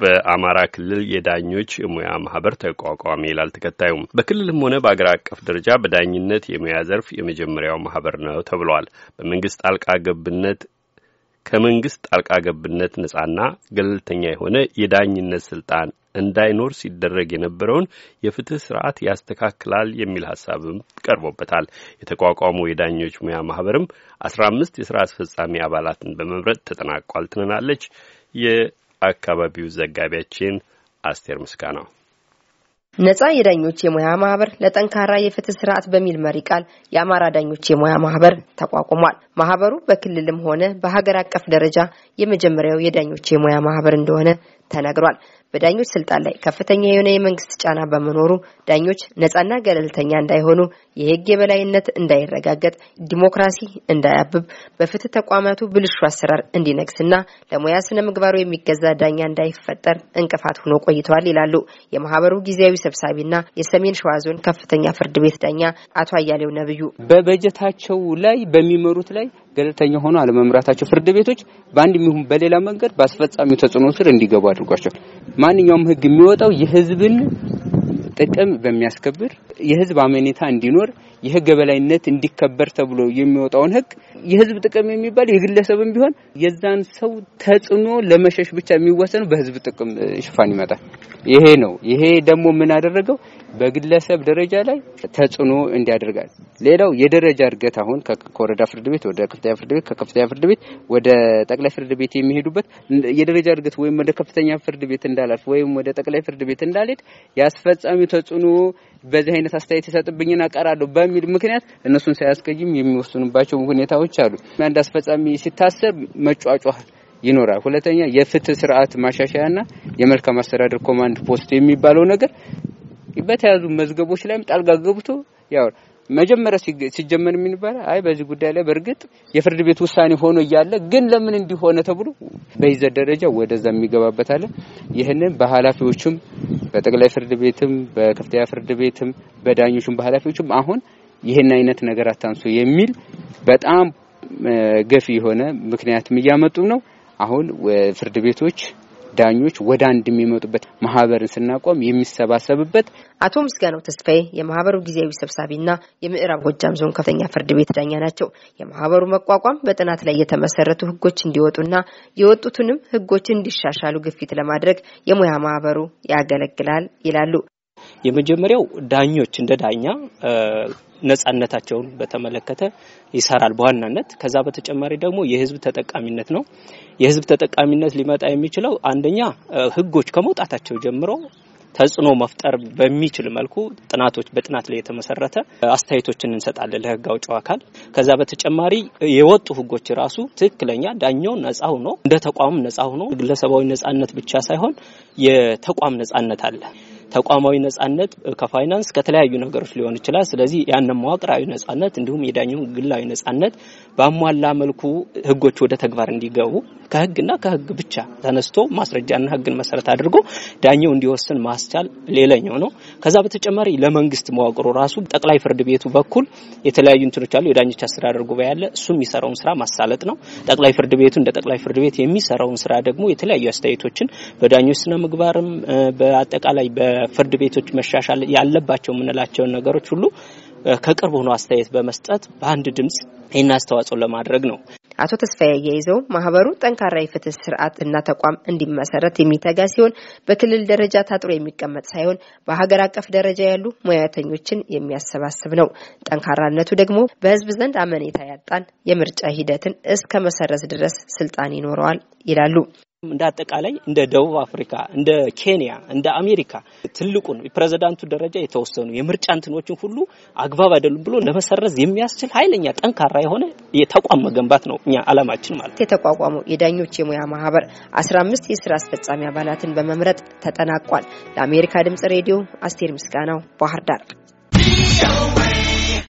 በአማራ ክልል የዳኞች ሙያ ማህበር ተቋቋሚ ይላል ተከታዩም። በክልልም ሆነ በአገር አቀፍ ደረጃ በዳኝነት የሙያ ዘርፍ የመጀመሪያው ማህበር ነው ተብሏል። በመንግስት ጣልቃ ገብነት ከመንግስት ጣልቃ ገብነት ነጻና ገለልተኛ የሆነ የዳኝነት ስልጣን እንዳይኖር ሲደረግ የነበረውን የፍትህ ስርዓት ያስተካክላል የሚል ሀሳብም ቀርቦበታል። የተቋቋመው የዳኞች ሙያ ማህበርም አስራ አምስት የስራ አስፈጻሚ አባላትን በመምረጥ ተጠናቋል ትንናለች። ከአካባቢው ዘጋቢያችን አስቴር ምስጋናው። ነጻ የዳኞች የሙያ ማህበር ለጠንካራ የፍትህ ስርዓት በሚል መሪ ቃል የአማራ ዳኞች የሙያ ማህበር ተቋቁሟል። ማህበሩ በክልልም ሆነ በሀገር አቀፍ ደረጃ የመጀመሪያው የዳኞች የሙያ ማህበር እንደሆነ ተናግሯል። በዳኞች ስልጣን ላይ ከፍተኛ የሆነ የመንግስት ጫና በመኖሩ ዳኞች ነጻና ገለልተኛ እንዳይሆኑ፣ የህግ የበላይነት እንዳይረጋገጥ፣ ዲሞክራሲ እንዳያብብ፣ በፍትህ ተቋማቱ ብልሹ አሰራር እንዲነግስና ለሙያ ስነ ምግባሩ የሚገዛ ዳኛ እንዳይፈጠር እንቅፋት ሆኖ ቆይተዋል ይላሉ የማህበሩ ጊዜያዊ ሰብሳቢና የሰሜን ሸዋ ዞን ከፍተኛ ፍርድ ቤት ዳኛ አቶ አያሌው ነብዩ። በበጀታቸው ላይ በሚመሩት ላይ ገለልተኛ ሆኖ አለመምራታቸው ፍርድ ቤቶች በአንድ ይሁን በሌላ መንገድ በአስፈጻሚው ተጽዕኖ ስር እንዲገቡ አድርጓቸዋል። ማንኛውም ህግ የሚወጣው የህዝብን ጥቅም በሚያስከብር የህዝብ አመኔታ እንዲኖር የህግ በላይነት እንዲከበር ተብሎ የሚወጣውን ህግ የህዝብ ጥቅም የሚባል የግለሰብም ቢሆን የዛን ሰው ተጽዕኖ ለመሸሽ ብቻ የሚወሰኑ በህዝብ ጥቅም ሽፋን ይመጣል። ይሄ ነው። ይሄ ደግሞ ምን አደረገው? በግለሰብ ደረጃ ላይ ተጽዕኖ እንዲያደርጋል። ሌላው የደረጃ እድገት አሁን ከወረዳ ፍርድ ቤት ወደ ከፍተኛ ፍርድ ቤት፣ ከከፍተኛ ፍርድ ቤት ወደ ጠቅላይ ፍርድ ቤት የሚሄዱበት የደረጃ እድገት ወይም ወደ ከፍተኛ ፍርድ ቤት እንዳላልፍ ወይም ወደ ጠቅላይ ፍርድ ቤት እንዳልሄድ ያስፈጻሚ ተጽዕኖ በዚህ አይነት አስተያየት ይሰጥብኝና አቀራለሁ በሚል ምክንያት እነሱን ሳያስቀይም የሚወስኑባቸው ሁኔታዎች አሉ። አንድ አስፈጻሚ ሲታሰር መጫጫህ ይኖራል። ሁለተኛ የፍትህ ስርዓት ማሻሻያና የመልካም አስተዳደር ኮማንድ ፖስት የሚባለው ነገር በተያዙ መዝገቦች ላይም ጣልቃ ገብቶ ያው መጀመሪያ ሲጀመር ምን ይባላል? አይ በዚህ ጉዳይ ላይ በእርግጥ የፍርድ ቤት ውሳኔ ሆኖ እያለ ግን ለምን እንዲሆነ ተብሎ በይዘት ደረጃ ወደዛ የሚገባበት አለ። ይህንን በኃላፊዎችም በጠቅላይ ፍርድ ቤትም በከፍተኛ ፍርድ ቤትም በዳኞቹም በኃላፊዎችም አሁን ይህን አይነት ነገር አታንሱ የሚል በጣም ገፊ የሆነ ምክንያትም እያመጡ ነው። አሁን ፍርድ ቤቶች ዳኞች ወደ አንድ የሚመጡበት ማህበርን ስናቆም የሚሰባሰብበት። አቶ ምስጋናው ተስፋዬ የማህበሩ ጊዜያዊ ሰብሳቢና የምዕራብ ጎጃም ዞን ከፍተኛ ፍርድ ቤት ዳኛ ናቸው። የማህበሩ መቋቋም በጥናት ላይ የተመሰረቱ ህጎች እንዲወጡና የወጡትንም ህጎች እንዲሻሻሉ ግፊት ለማድረግ የሙያ ማህበሩ ያገለግላል ይላሉ። የመጀመሪያው ዳኞች እንደ ዳኛ ነጻነታቸውን በተመለከተ ይሰራል በዋናነት። ከዛ በተጨማሪ ደግሞ የህዝብ ተጠቃሚነት ነው። የህዝብ ተጠቃሚነት ሊመጣ የሚችለው አንደኛ ህጎች ከመውጣታቸው ጀምሮ ተጽዕኖ መፍጠር በሚችል መልኩ ጥናቶች በጥናት ላይ የተመሰረተ አስተያየቶችን እንሰጣለን ለህግ አውጪው አካል። ከዛ በተጨማሪ የወጡ ህጎች ራሱ ትክክለኛ ዳኛው ነጻ ሆኖ እንደ ተቋም ነጻ ሆኖ ግለሰባዊ ነጻነት ብቻ ሳይሆን የተቋም ነጻነት አለ። ተቋማዊ ነጻነት ከፋይናንስ ከተለያዩ ነገሮች ሊሆን ይችላል። ስለዚህ ያን መዋቅራዊ ነጻነት እንዲሁም የዳኙን ግላዊ ነጻነት በአሟላ መልኩ ህጎች ወደ ተግባር እንዲገቡ ከህግና ከህግ ብቻ ተነስቶ ማስረጃና ህግን መሰረት አድርጎ ዳኛው እንዲወስን ማስቻል ሌላኛው ነው። ከዛ በተጨማሪ ለመንግስት መዋቅሩ ራሱ ጠቅላይ ፍርድ ቤቱ በኩል የተለያዩ እንትኖች አሉ። የዳኞች አስተዳደር ጉባኤ ያለ እሱ የሚሰራውን ስራ ማሳለጥ ነው። ጠቅላይ ፍርድ ቤቱ እንደ ጠቅላይ ፍርድ ቤት የሚሰራውን ስራ ደግሞ የተለያዩ አስተያየቶችን በዳኞች ስነ ምግባርም በአጠቃላይ ፍርድ ቤቶች መሻሻል ያለባቸው የምንላቸውን ነገሮች ሁሉ ከቅርብ ሆኖ አስተያየት በመስጠት በአንድ ድምጽ ይህን አስተዋጽኦ ለማድረግ ነው። አቶ ተስፋዬ አያይዘው ማህበሩ ጠንካራ የፍትህ ስርዓትና ተቋም እንዲመሰረት የሚተጋ ሲሆን በክልል ደረጃ ታጥሮ የሚቀመጥ ሳይሆን በሀገር አቀፍ ደረጃ ያሉ ሙያተኞችን የሚያሰባስብ ነው። ጠንካራነቱ ደግሞ በህዝብ ዘንድ አመኔታ ያጣን የምርጫ ሂደትን እስከ መሰረት ድረስ ስልጣን ይኖረዋል ይላሉ። እንደ አጠቃላይ እንደ ደቡብ አፍሪካ፣ እንደ ኬንያ፣ እንደ አሜሪካ ትልቁን ፕሬዝዳንቱ ደረጃ የተወሰኑ የምርጫ እንትኖችን ሁሉ አግባብ አይደሉም ብሎ ለመሰረዝ የሚያስችል ኃይለኛ ጠንካራ የሆነ የተቋም መገንባት ነው እኛ አላማችን ማለት። የተቋቋመው የዳኞች የሙያ ማህበር 15 የስራ አስፈጻሚ አባላትን በመምረጥ ተጠናቋል። ለአሜሪካ ድምጽ ሬዲዮ አስቴር ምስጋናው ባህር ዳር